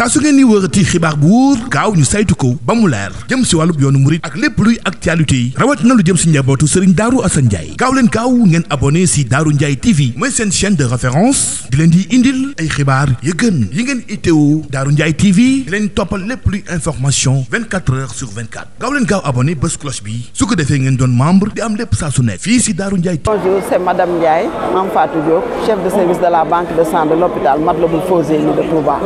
saa su ngeen di wërati xibaar bu wóor gaaw ñu saytu ko ba mu leer jëm si wàllub yoonu murit ak lépp luy actualité yi rawat na lu jëm si njabootu sëriñ Daaru Asan Njaay gaaw leen gaaw ngeen abonné si Daaru Njaay TV mooy seen chaîne de référence di leen di indil ay xibaar yu gën yi ngeen itteewu Daaru Njaay TV di leen toppal lépp luy information 24 heures sur 24 gaaw leen gaaw abonné bés cloche bi su ko defee ngeen doon membre di am lépp saa su ne fii si Daaru Njaay Bonjour, c'est Madame Ndiaye, Mame Fatou Diop, chef de service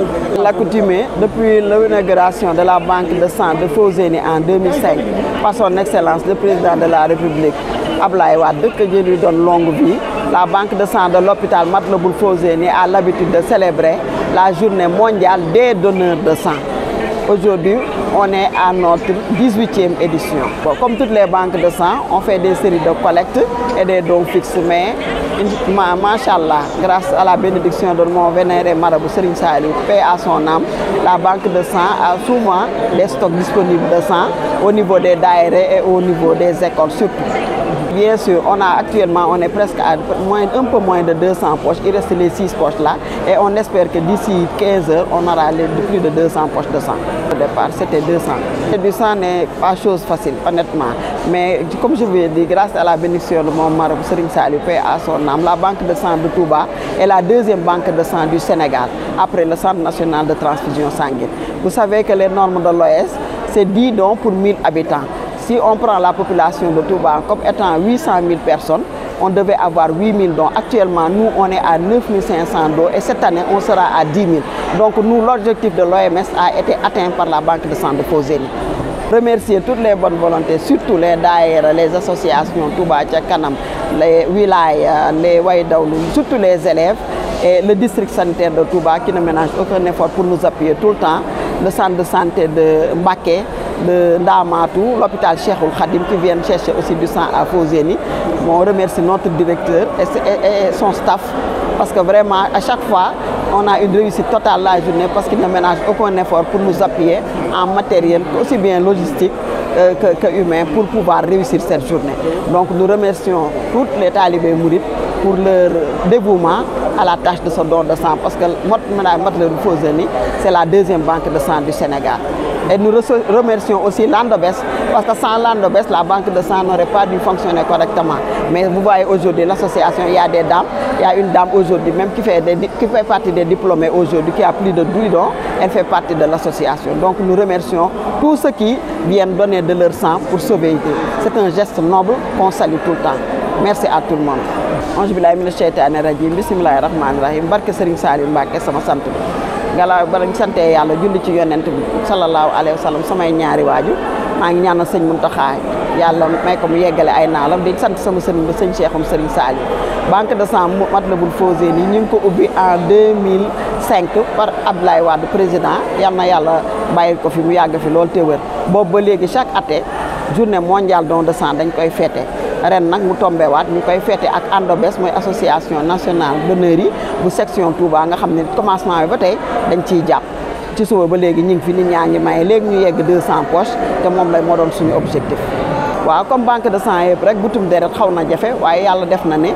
de depuis l'inauguration de la banque de sang de Foseni en 2005 par son Excellence le Président de la République, Ablaïwa, Wade, que Dieu lui donne longue vie, la banque de sang de l'hôpital Matleboul Foseni a l'habitude de célébrer la journée mondiale des donneurs de sang. Aujourd'hui, on est à notre 18e édition. comme toutes les banques de sang, on fait des séries de collectes et des dons fixes. Mais, machallah, grâce à la bénédiction de mon vénéré Marabout Serine Salou, paix à son âme, la banque de sang a souvent des stocks disponibles de sang au niveau des dairies et au niveau des écoles surtout bien sûr, on a actuellement, on est presque à moins, un peu moins de 200 poches. Il reste les 6 poches là. Et on espère que d'ici 15 heures, on aura les, plus de 200 poches de sang. Au départ, c'était 200. Et du sang n'est pas chose facile, honnêtement. Mais comme je vous l'ai dit, grâce à la bénédiction de mon mari, Sering Salupé, à son âme, la banque de sang de Touba est la deuxième banque de sang du Sénégal, après le Centre national de transfusion sanguine. Vous savez que les normes de l'OS, c'est 10 dons pour 1000 habitants. Si on prend la population de Touba comme étant 800 000 personnes, on devait avoir 8 000 dons. Actuellement, nous, on est à 9 500 dons et cette année, on sera à 10 000. Donc, nous, l'objectif de l'OMS a été atteint par la Banque de sang de Remercier toutes les bonnes volontés, surtout les DAER, les associations, Touba, Tchakanam, les wilayas, les Waïdaoulou, surtout les élèves et le district sanitaire de Touba qui ne ménage aucun effort pour nous appuyer tout le temps, le centre de santé de Baké de Ndamatou, l'hôpital Cheikhoul Khadim qui vient chercher aussi du sang à Fauzéni. on remercie notre directeur et, son staff parce que vraiment à chaque fois on a une réussite totale la journée parce qu'il ne ménagent aucun effort pour nous appuyer en matériel aussi bien logistique euh, que, que humain pour pouvoir réussir cette journée. Donc nous remercions toutes les talibés mourides pour leur dévouement à la tâche de ce don de sang parce que c'est la deuxième banque de sang du Sénégal. Et nous remercions aussi l'Andobès parce que sans l'Andobès, la banque de sang n'aurait pas dû fonctionner correctement. Mais vous voyez aujourd'hui, l'association, il y a des dames, il y a une dame aujourd'hui même qui fait, qui fait partie des diplômés aujourd'hui, qui a plus de 12 ans, elle fait partie de l'association. Donc nous remercions tous ceux qui viennent donner de leur sang pour sauver C'est un geste noble qu'on salue tout le temps. Merci à tout le monde. maa ngi ñaanal sëñ Mountakha yàlla may ko mu yeggale ay naalam di sant sama sëriñ bi sëñ Cheikhoum sëriñ Saliou banque de sang Matlabul Fawzeyni ñu ngi ko ubbi en 2005 par Abdoulaye Wade président yal na yàlla bàyyi ko fi mu yàgg fi loolu te boobu ba léegi chaque année journée mondiale don de sang dañ koy fêté ren nag mu tombé waat ñu koy fêté ak ANDOBES mooy association nationale donneur yi bu section Touba nga xam ne commencement bi ba tey dañ ciy jàpp. ci suba ba léegi ñu ngi fi ni ñaa ngi maye léegi ñu yegg 200 poches te moom lay moo doon suñu objectif. waaw comme banque de sang yëpp rek butum deret xaw na jafe waaye yàlla def na ne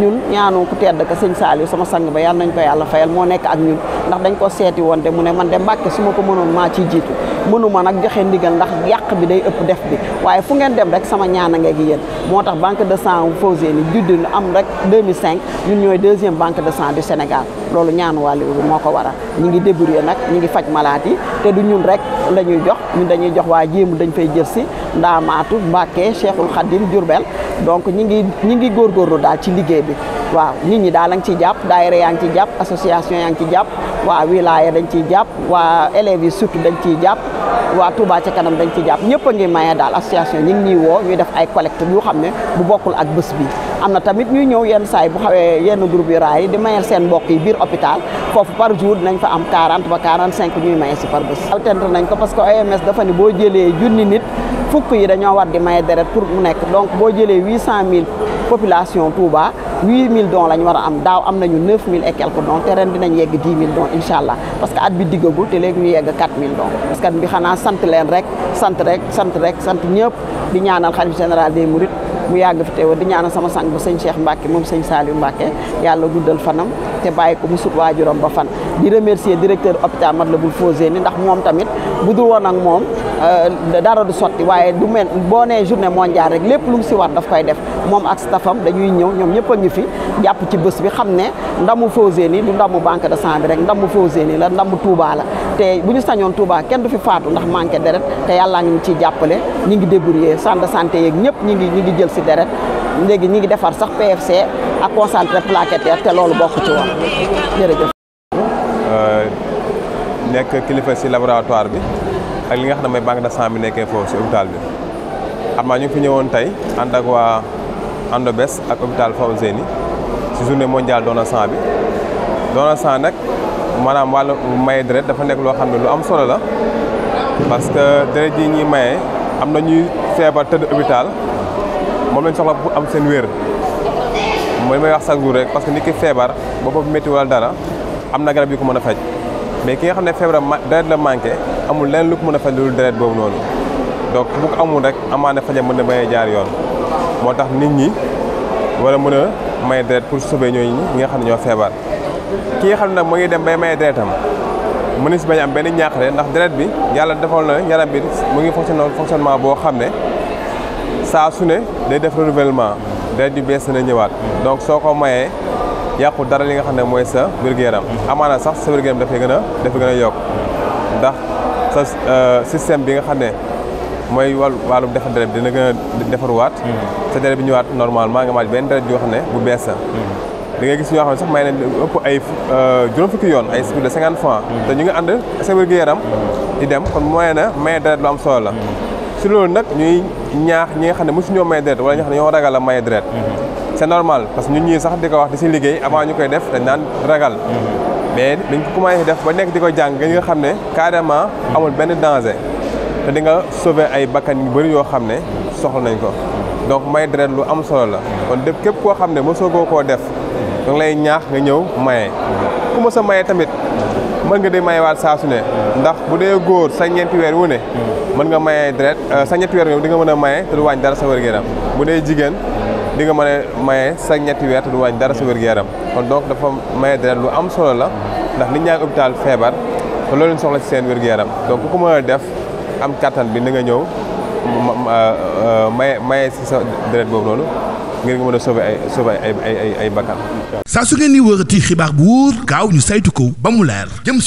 ñun ñaanu ku tedd ka sëñ Saliou sama sang ba yàlla nañ ko yàlla fayal moo nekk ak ñun ndax dañ ko seeti woon de mu ne man de Mbàkke su ma ko mënoon maa ciy jiitu. mënuma nag joxe ndigal ndax yàq bi day ëpp def bi waaye fu ngeen dem rek sama ñaan a ngeeg yéen moo tax banque de sang Fawzeyni juddu ñu am rek 2005 ñun ñooy deuxième banque de sang du Sénégal loolu ñaanu wàllu bi moo ko waral ñi ngi débrouiller nag ñi ngi faj malaat yi te du ñun rek la ñuy jox ñun dañuy jox waa jéemu dañ fay jël si Ndaamaatu Mbàkke Cheikhul Khadim Diourbel donc ñi ngi ñi ngi góorgóorlu daal ci liggéey bi waaw nit ñi daal lañ ci jàpp daayira yaa ngi ci jàpp association yaa ngi ci jàpp waa wilaya dañ ciy jàpp waa élèves yi surtout dañ ciy jàpp waa Touba ca kanam dañ ciy jàpp ñëpp a ngi maye daal association ñi ngi ñuy woo ñuy def ay collecte yu xam ne bu bokkul ak bés bi am na tamit ñuy ñëw yenn saay bu xawee yenn groupe yu raay di mayel seen mbokk yi biir hôpital foofu par jour nañ fa am 40 ba 45 ñuy maye si par bés altent nañ ko parce que OMS dafa ni boo jëlee junni nit fukk yi dañoo war di maye deret pour mu nekk donc boo jëlee 800 000 population Touba 8000 dons la ñu war a am daaw am nañu 9000 et quelques dons te ren dinañ yegg 10000 dons incha allah parce que at bi diggagul te léegi ñu yegg 4000 dons parce que bi xanaa sant leen rek sant rek sant rek sant ñëpp di ñaanal xalif général de mourides mu yàgg fi teew di ñaanal sama sang bu sëñ Cheikh Mbacke moom sëñ Saliou Mbacke yàlla guddal fanam te bàyyi ko mu sut waajuram ba fan di remercier directeur hôpital Matlaboul Fawzeyni ndax moom tamit bu dul woon ak moom euh, dara du sotti waaye du mel boo nee journée mondiale rek lépp lu si war daf koy def moom ak staffam dañuy ñëw ñoom ñëpp a ngi fi jàpp ci bës bi xam ne ndamu Fawzeyni du ndamu banque de sang rek ndamu Fawzeyni la ndamu Touba la te bu ñu sañoon Touba kenn du fi faatu ndax manqué deret te yàllaa ngi ciy jàppale ñi ngi débrouiller santé yeeg ñëpp ñi ngi ñi ngi jël si deret léegi ñi ngi defar sax PFC ak concentré plaquettaire te loolu bokk ci woon jërëjëf euh, nekk kilifa si laboratoire bi ak li nga xam ne mooy banque de sang bi nekkee foofu si hôpital bi xam naa ñu fi ñëwoon tey ànd ak waa Andobes ak hôpital Fawzeyni ci journée mondiale don de bi don de sang nag maanaam wàllu maye deret dafa nekk loo xam ne lu am solo la parce que deret yi ñuy maye am na ñuy feebar tëdd hôpital moom lañ soxla am seen wér mooy may wax chaque parce que nit feebar boppam métti wala am na garab yu ko mën a faj mais ki nga xam ne feebaram deret la manqué amul lenn lu ko mën a faj loolu deret boobu noonu donc bu ko amul rek amaana fajam mën na maye jaar yoon motax nit ñi wala mëna may dret pour sauver ñoy ñi nga xam ne ñoo feebar ki nga xam mo ngi dem bay may dretam mëni si bañ am benn ñaaxare ndax dret bi yalla defal na yaram bi mo ngi fonctionné fonctionnement bo xam sa saa su ne day def renouvellement dret bi bees na ñëwaat donc soko mayé yaqku dara li nga xam moy sa wér amana sax sa wér-gu-yaram dafay gën a dafay gën ndax sa euh, système bi nga xam mooy wàllu wàllum defar deret bi dina gën a defaruwaat sa hmm. deret bi ñëwaat normalement nga maaj benn deret bi nga bu bees la hmm. da ngay gis ñoo xam ne sax may nañ ëpp ay euh, juróom fukki yoon ay plus de cinquante francs hmm. te ñu ngi ànd sa wérgu yaram di dem kon moyen na may deret lu am solo la si loolu nag ñuy ñaax ñi nga xam ne ñoo may deret wala ñi nga ñoo ragal may deret c'est normal parce que ñun ñii sax di ko wax di si liggéey avant ñu koy def dañ naan ragal mais dañ ko commencé def ba nekk di ko nga xam carrément amul benn danger te di nga sauver ay bakkan yu bari yo xam ne soxla nañ ko donc may deret lu am solo la kon def kep ko xam ne mosoo koo def da nga lay ñaax nga ñew maye ku ma sa maye tamit man nga day mayewaat saa su ne ndax bu dee goor sa ñenti weer wu ne man nga maye deret euh, sa ñetti weer di nga mëna a maye te du wañ dara sa wér yaram bu dee jigen di nga mëna a maye sa ñetti weer te du wañ dara sa wér yaram kon donc dafa maye deret lu am solo la ndax nit ñaan hôpital feebar te ñu soxla ci seen wér yaram donc ku ko mën def am kattan bi na nga ñëw euh, euh, maye maye si sa deret boobu loolu ngir nga mën a sauver ay sauver ay ay ay bakkan. saa su ngeen di wërati xibaar bu ñu saytu ko ba mu leer jëm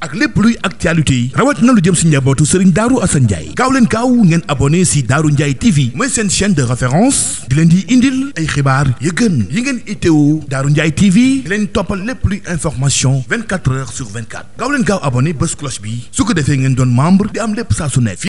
ak luy actualité rawat na lu jëm si njabootu Serigne Darou Assane Ndiaye gaaw leen abonné si daru Ndiaye TV mooy seen chaîne de référence de lundi indil ay xibaar yu gën yi ngeen itteewu TV di topal toppal information 24 heures sur 24 gaaw len gaaw abonné bés cloche bi suku ko defee membre di am lépp saa su